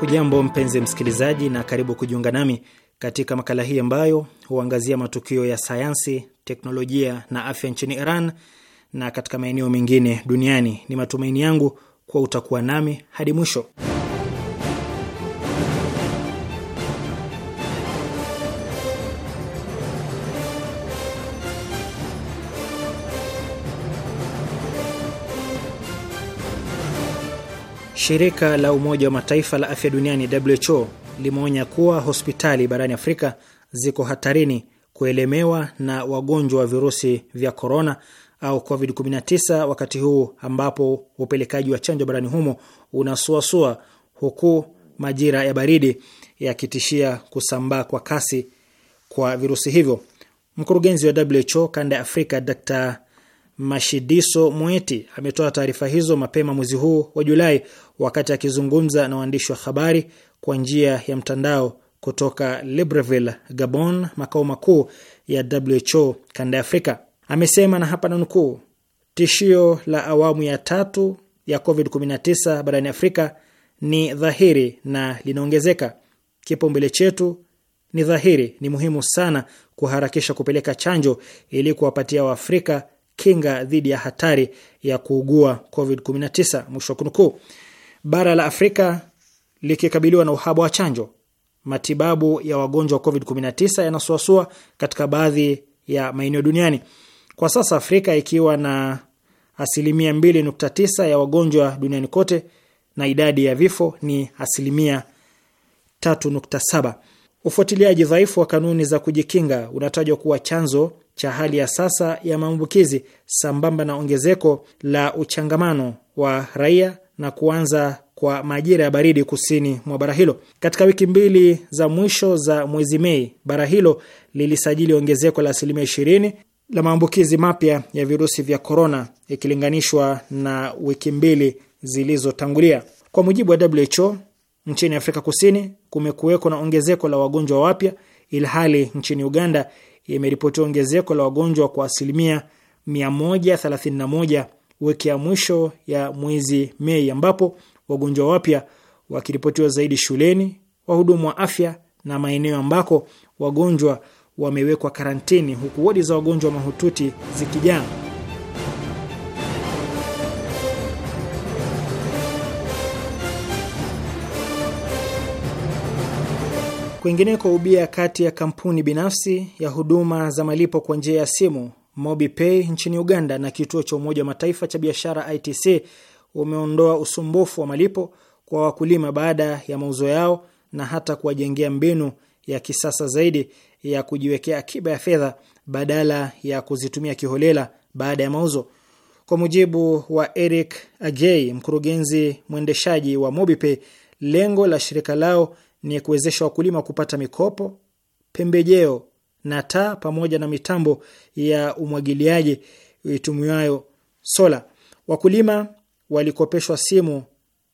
Hujambo mpenzi msikilizaji, na karibu kujiunga nami katika makala hii ambayo huangazia matukio ya sayansi, teknolojia na afya nchini Iran na katika maeneo mengine duniani. Ni matumaini yangu kuwa utakuwa nami hadi mwisho. Shirika la Umoja wa Mataifa la Afya Duniani, WHO, limeonya kuwa hospitali barani Afrika ziko hatarini kuelemewa na wagonjwa wa virusi vya korona au COVID-19 wakati huu ambapo upelekaji wa chanjo barani humo unasuasua huku majira ya baridi yakitishia kusambaa kwa kasi kwa virusi hivyo. Mkurugenzi wa WHO kanda ya Afrika Dr Mashidiso Mweti ametoa taarifa hizo mapema mwezi huu wa Julai wakati akizungumza na waandishi wa habari kwa njia ya mtandao kutoka Libreville, Gabon, makao makuu ya WHO kanda ya Afrika. Amesema na hapa nanukuu, tishio la awamu ya tatu ya COVID-19 barani Afrika ni dhahiri na linaongezeka. Kipaumbele chetu ni dhahiri, ni muhimu sana kuharakisha kupeleka chanjo ili kuwapatia Waafrika kinga dhidi ya hatari ya kuugua COVID-19, mwisho wa kunukuu. Bara la Afrika likikabiliwa na uhaba wa chanjo, matibabu ya wagonjwa wa COVID-19 yanasuasua katika baadhi ya maeneo duniani. Kwa sasa Afrika ikiwa na asilimia 2.9 ya wagonjwa duniani kote na idadi ya vifo ni asilimia 3.7. Ufuatiliaji dhaifu wa kanuni za kujikinga unatajwa kuwa chanzo cha hali ya sasa ya maambukizi sambamba na ongezeko la uchangamano wa raia na kuanza kwa majira ya baridi kusini mwa bara hilo. Katika wiki mbili za mwisho za mwezi Mei, bara hilo lilisajili ongezeko la asilimia ishirini la maambukizi mapya ya virusi vya korona ikilinganishwa na wiki mbili zilizotangulia. Kwa mujibu wa WHO, nchini Afrika Kusini kumekuweko na ongezeko la wagonjwa wapya, ilhali nchini Uganda imeripoti ongezeko la wagonjwa kwa asilimia 131 wiki ya mwisho ya mwezi Mei, ambapo wagonjwa wapya wakiripotiwa zaidi shuleni, wahudumu wa afya na maeneo ambako wagonjwa wamewekwa karantini, huku wodi za wagonjwa mahututi zikijaa. Kwingineko, ubia kati ya kampuni binafsi ya huduma za malipo kwa njia ya simu MobiPay nchini Uganda na kituo cha Umoja wa Mataifa cha biashara ITC umeondoa usumbufu wa malipo kwa wakulima baada ya mauzo yao na hata kuwajengea mbinu ya kisasa zaidi ya kujiwekea akiba ya fedha badala ya kuzitumia kiholela baada ya mauzo. Kwa mujibu wa Eric Agei, mkurugenzi mwendeshaji wa MobiPay, lengo la shirika lao ni kuwezesha wakulima kupata mikopo, pembejeo na taa pamoja na mitambo ya umwagiliaji itumiwayo sola. Wakulima walikopeshwa simu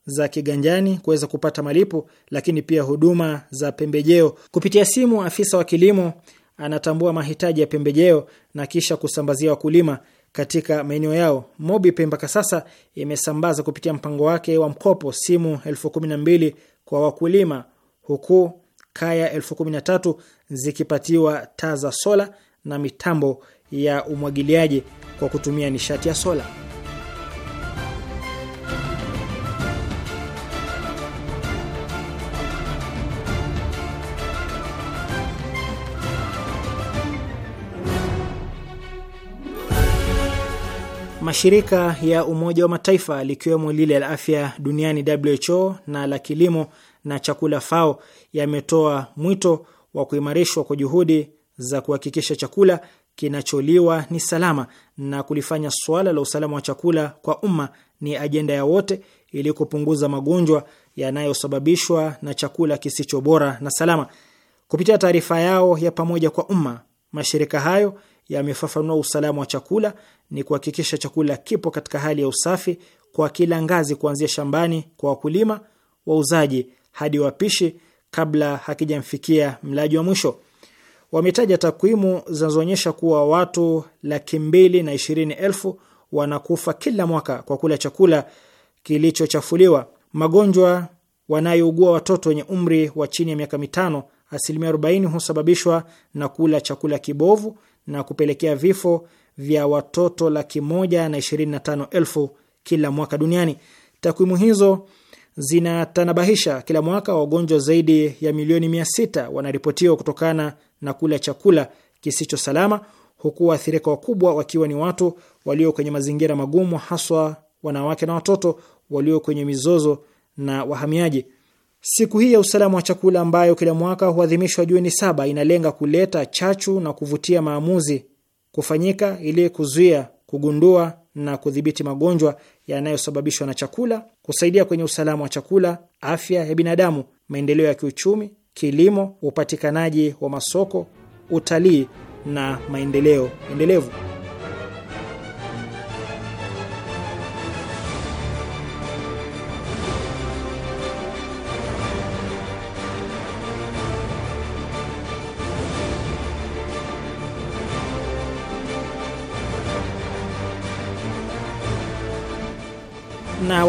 za kiganjani kuweza kupata malipo, lakini pia huduma za pembejeo kupitia simu. Afisa wa kilimo anatambua mahitaji ya pembejeo na kisha kusambazia wakulima katika maeneo yao. Mobi Pemba mpaka sasa imesambaza kupitia mpango wake wa mkopo simu elfu kumi na mbili kwa wakulima huku kaya elfu kumi na tatu zikipatiwa taa za sola na mitambo ya umwagiliaji kwa kutumia nishati ya sola. Mashirika ya Umoja wa Mataifa likiwemo lile la afya duniani WHO na la kilimo na chakula FAO yametoa mwito wa kuimarishwa kwa juhudi za kuhakikisha chakula kinacholiwa ni salama na kulifanya suala la usalama wa chakula kwa umma ni ajenda ya wote ili kupunguza magonjwa yanayosababishwa na chakula kisicho bora na salama. Kupitia taarifa yao ya pamoja kwa umma, mashirika hayo yamefafanua usalama wa chakula ni kuhakikisha chakula kipo katika hali ya usafi kwa kila ngazi, kuanzia shambani kwa wakulima, wauzaji hadi wapishi kabla hakijamfikia mlaji wa mwisho. Wametaja takwimu zinazoonyesha kuwa watu laki mbili na ishirini elfu wanakufa kila mwaka kwa kula chakula kilichochafuliwa. Magonjwa wanayougua watoto wenye umri wa chini ya miaka mitano, asilimia 40 husababishwa na kula chakula kibovu na kupelekea vifo vya watoto laki moja na ishirini na tano elfu kila mwaka duniani. Takwimu hizo zinatanabahisha kila mwaka wagonjwa zaidi ya milioni mia sita wanaripotiwa kutokana na kula chakula kisicho salama, huku waathirika wakubwa wakiwa ni watu walio kwenye mazingira magumu, haswa wanawake na watoto walio kwenye mizozo na wahamiaji. Siku hii ya usalama wa chakula ambayo kila mwaka huadhimishwa Juni saba inalenga kuleta chachu na kuvutia maamuzi kufanyika ili kuzuia, kugundua na kudhibiti magonjwa yanayosababishwa na chakula, kusaidia kwenye usalama wa chakula, afya ya binadamu, maendeleo ya kiuchumi, kilimo, upatikanaji wa masoko, utalii na maendeleo endelevu.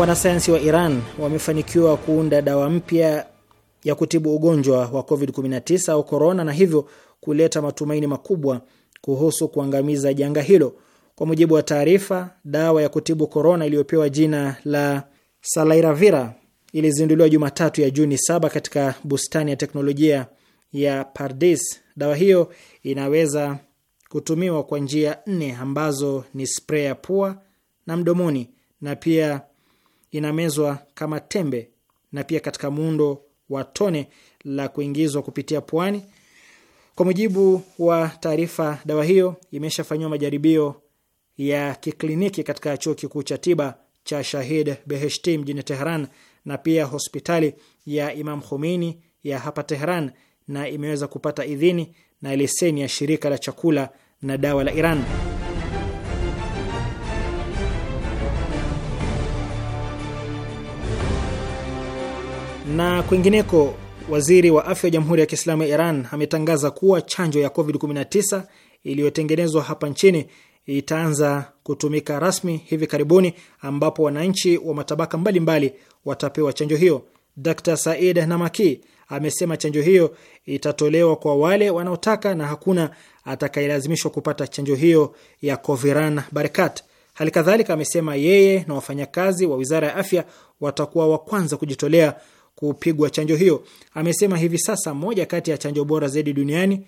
Wanasayansi wa Iran wamefanikiwa kuunda dawa mpya ya kutibu ugonjwa wa COVID-19 au korona, na hivyo kuleta matumaini makubwa kuhusu kuangamiza janga hilo. Kwa mujibu wa taarifa, dawa ya kutibu korona iliyopewa jina la Salairavira ilizinduliwa Jumatatu ya Juni saba katika bustani ya teknolojia ya Pardis. Dawa hiyo inaweza kutumiwa kwa njia nne ambazo ni spray ya pua na mdomoni na pia inamezwa kama tembe na pia katika muundo wa tone la kuingizwa kupitia puani. Kwa mujibu wa taarifa, dawa hiyo imeshafanyiwa majaribio ya kikliniki katika chuo kikuu cha tiba cha Shahid Beheshti mjini Tehran na pia hospitali ya Imam Khomeini ya hapa teheran na imeweza kupata idhini na leseni ya shirika la chakula na dawa la Iran. Na kwingineko, waziri wa afya wa Jamhuri ya Kiislamu ya Iran ametangaza kuwa chanjo ya COVID-19 iliyotengenezwa hapa nchini itaanza kutumika rasmi hivi karibuni, ambapo wananchi wa matabaka mbalimbali mbali watapewa chanjo hiyo. Dr Said Namaki amesema chanjo hiyo itatolewa kwa wale wanaotaka na hakuna atakayelazimishwa kupata chanjo hiyo ya Coviran Barakat. Hali kadhalika amesema yeye na wafanyakazi wa wizara ya afya watakuwa wa kwanza kujitolea kupigwa chanjo hiyo. Amesema hivi sasa moja kati ya chanjo bora zaidi duniani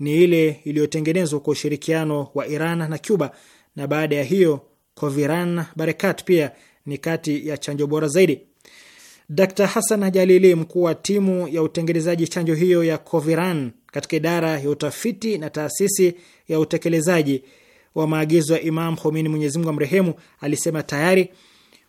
ni ile iliyotengenezwa kwa ushirikiano wa Iran na Cuba, na baada ya hiyo Coviran Barakat pia ni kati ya chanjo bora zaidi. Dkt Hassan Jalili, mkuu wa timu ya utengenezaji chanjo hiyo ya Coviran katika idara ya utafiti na taasisi ya utekelezaji wa maagizo ya Imam Khomeini, Mwenyezi Mungu amrehemu, alisema tayari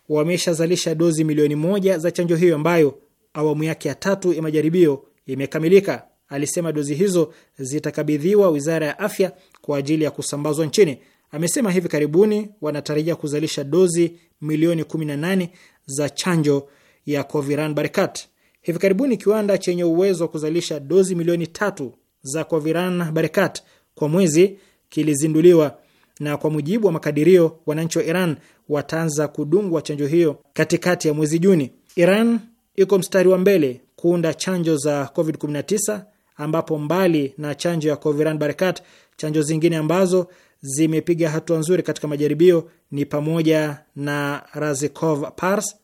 wameshazalisha dozi milioni moja za chanjo hiyo ambayo awamu yake ya tatu ya majaribio imekamilika. Alisema dozi hizo zitakabidhiwa wizara ya afya kwa ajili ya kusambazwa nchini. Amesema hivi karibuni wanatarajia kuzalisha dozi milioni 18 za chanjo ya Coviran Barikat. Hivi karibuni kiwanda chenye uwezo wa kuzalisha dozi milioni tatu za Coviran Barikat kwa mwezi kilizinduliwa, na kwa mujibu wa makadirio, wananchi wa Iran wataanza kudungwa chanjo hiyo katikati ya mwezi Juni. Iran iko mstari wa mbele kuunda chanjo za COVID-19 ambapo mbali na chanjo ya Coviran Barakat, chanjo zingine ambazo zimepiga hatua nzuri katika majaribio ni pamoja na Razikov Pars,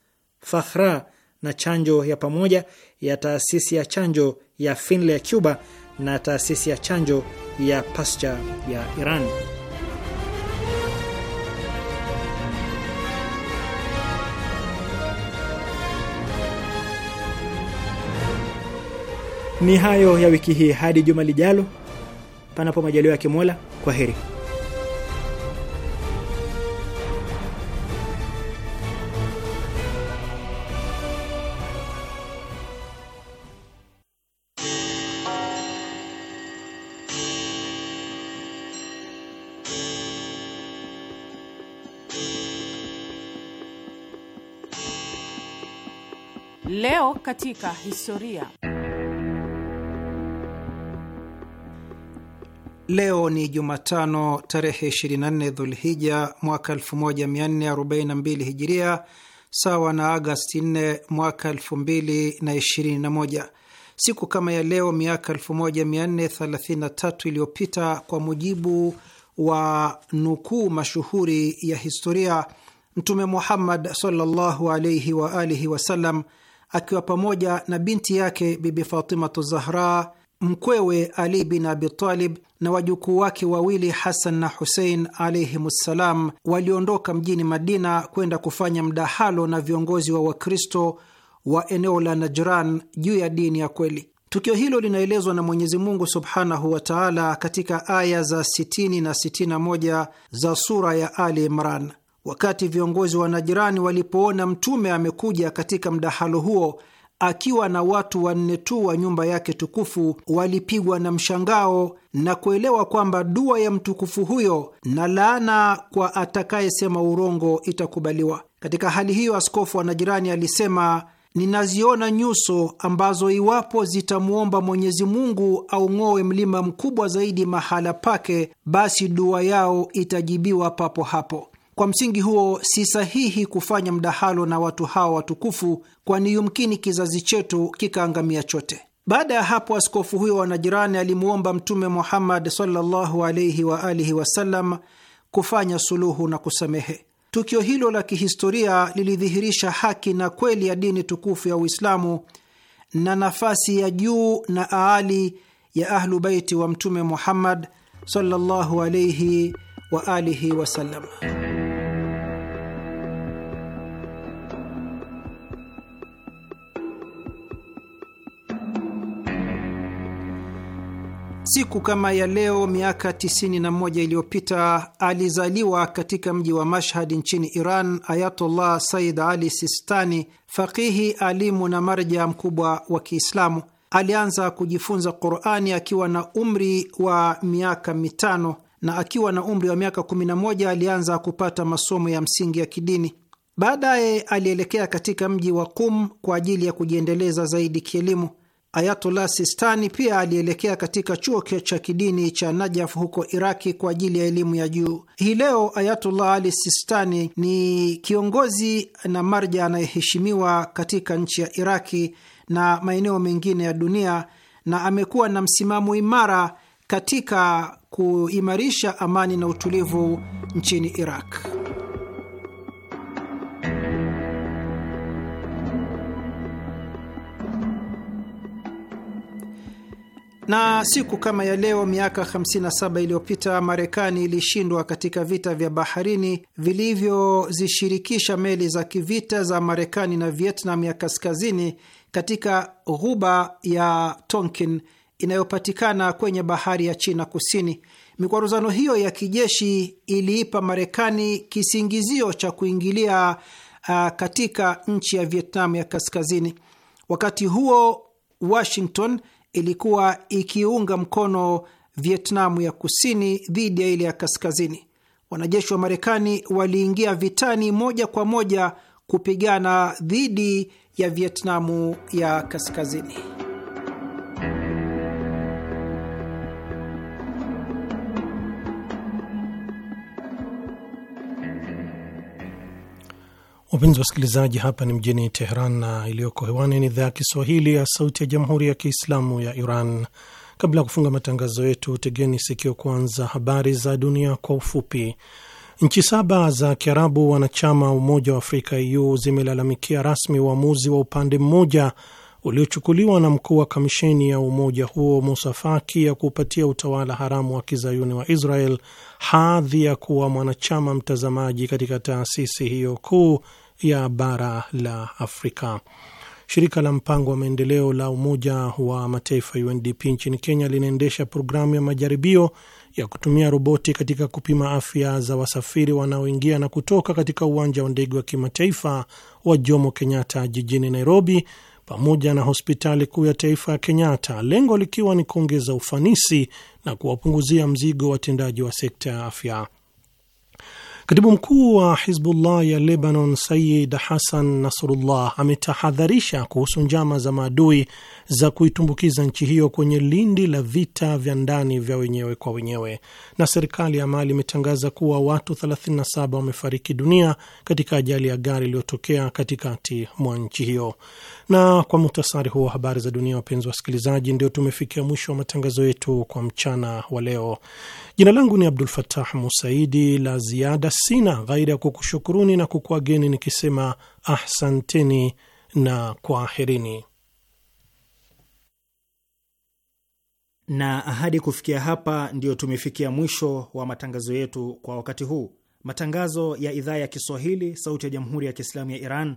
Fakhra na chanjo ya pamoja ya taasisi ya chanjo ya Finlay ya Cuba na taasisi ya chanjo ya Pasteur ya Iran. Ni hayo ya wiki hii, hadi juma lijalo, panapo majaliwa ya Kimola. Kwa heri. Leo katika historia. Leo ni Jumatano tarehe 24 Dhulhija mwaka 1442 Hijiria, sawa na Agasti 4 mwaka 2021. Siku kama ya leo miaka 1433 iliyopita, kwa mujibu wa nukuu mashuhuri ya historia, Mtume Muhammad sallallahu alaihi wa alihi wasallam akiwa pamoja na binti yake Bibi Fatimatu Zahra mkwewe Ali bin Abi Talib na wajukuu wake wawili Hasan na Husein alaihimussalam waliondoka mjini Madina kwenda kufanya mdahalo na viongozi wa Wakristo wa eneo la Najran juu ya dini ya kweli. Tukio hilo linaelezwa na Mwenyezi Mungu subhanahu wa taala katika aya za 60 na 61 za sura ya Ali Imran. Wakati viongozi wa Najirani walipoona mtume amekuja katika mdahalo huo akiwa na watu wanne tu wa nyumba yake tukufu walipigwa na mshangao na kuelewa kwamba dua ya mtukufu huyo na laana kwa atakayesema urongo itakubaliwa. Katika hali hiyo, askofu wa Najirani alisema Ninaziona nyuso ambazo iwapo zitamwomba Mwenyezi Mungu aung'owe mlima mkubwa zaidi mahala pake, basi dua yao itajibiwa papo hapo. Kwa msingi huo, si sahihi kufanya mdahalo na watu hawa watukufu, kwani yumkini kizazi chetu kikaangamia chote. Baada ya hapo, askofu huyo wa Najirani alimwomba Mtume Muhammad sallallahu alaihi wa alihi wasallam kufanya suluhu na kusamehe. Tukio hilo la kihistoria lilidhihirisha haki na kweli ya dini tukufu ya Uislamu na nafasi ya juu na aali ya Ahlu Baiti wa Mtume Muhammad sallallahu alaihi wa alihi wasallam. Siku kama ya leo miaka 91 iliyopita alizaliwa katika mji wa Mashhad nchini Iran Ayatullah Said Ali Sistani, faqihi alimu na marja mkubwa wa Kiislamu. Alianza kujifunza Qurani akiwa na umri wa miaka mitano na akiwa na umri wa miaka 11 alianza kupata masomo ya msingi ya kidini. Baadaye alielekea katika mji wa Qum kwa ajili ya kujiendeleza zaidi kielimu ayatullah Sistani pia alielekea katika chuo cha kidini cha Najaf huko Iraki kwa ajili ya elimu ya juu. Hii leo ayatullah Ali Sistani ni kiongozi na marja anayeheshimiwa katika nchi ya Iraki na maeneo mengine ya dunia na amekuwa na msimamo imara katika kuimarisha amani na utulivu nchini Iraq. Na siku kama ya leo miaka 57 iliyopita Marekani ilishindwa katika vita vya baharini vilivyozishirikisha meli za kivita za Marekani na Vietnam ya kaskazini katika ghuba ya Tonkin inayopatikana kwenye bahari ya China Kusini. Mikwaruzano hiyo ya kijeshi iliipa Marekani kisingizio cha kuingilia uh, katika nchi ya Vietnam ya kaskazini. Wakati huo Washington ilikuwa ikiunga mkono Vietnamu ya kusini dhidi ya ile ya kaskazini. Wanajeshi wa Marekani waliingia vitani moja kwa moja kupigana dhidi ya Vietnamu ya kaskazini. Wapenzi wasikilizaji, hapa ni mjini Teheran na iliyoko hewani ni idhaa ya Kiswahili ya Sauti ya Jamhuri ya Kiislamu ya Iran. Kabla ya kufunga matangazo yetu, tegeni sikio kwanza habari za dunia kwa ufupi. Nchi saba za Kiarabu wanachama Umoja wa Afrika EU zimelalamikia rasmi uamuzi wa upande mmoja uliochukuliwa na mkuu wa kamisheni ya umoja huo Musa Faki ya kuupatia utawala haramu wa kizayuni wa Israel hadhi ya kuwa mwanachama mtazamaji katika taasisi hiyo kuu ya bara la Afrika. Shirika la mpango wa maendeleo la Umoja wa Mataifa UNDP nchini Kenya linaendesha programu ya majaribio ya kutumia roboti katika kupima afya za wasafiri wanaoingia na kutoka katika uwanja wa ndege wa kimataifa wa Jomo Kenyatta jijini Nairobi, pamoja na hospitali kuu ya taifa ya Kenyatta, lengo likiwa ni kuongeza ufanisi na kuwapunguzia mzigo watendaji wa sekta ya afya. Katibu mkuu wa Hizbullah ya Lebanon Sayid Hasan Nasrullah ametahadharisha kuhusu njama za maadui za kuitumbukiza nchi hiyo kwenye lindi la vita vya ndani vya wenyewe kwa wenyewe. Na serikali ya Mali imetangaza kuwa watu 37 wamefariki dunia katika ajali ya gari iliyotokea katikati mwa nchi hiyo. Na kwa muhtasari huo habari za dunia, wapenzi wasikilizaji, ndio tumefikia mwisho wa matangazo yetu kwa mchana wa leo. Jina langu ni Abdul Fatah Musaidi. La ziada sina ghairi ya kukushukuruni na kukuageni nikisema ahsanteni na kwaherini na ahadi. Kufikia hapa, ndio tumefikia mwisho wa matangazo yetu kwa wakati huu. Matangazo ya idhaa ya Kiswahili, Sauti ya Jamhuri ya Kiislamu ya Iran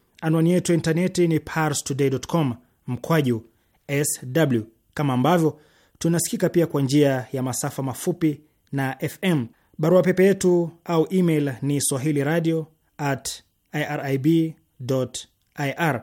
Anwani yetu ya intaneti ni parstoday.com mkwaju sw, kama ambavyo tunasikika pia kwa njia ya masafa mafupi na FM. Barua pepe yetu au email ni swahili radio at irib ir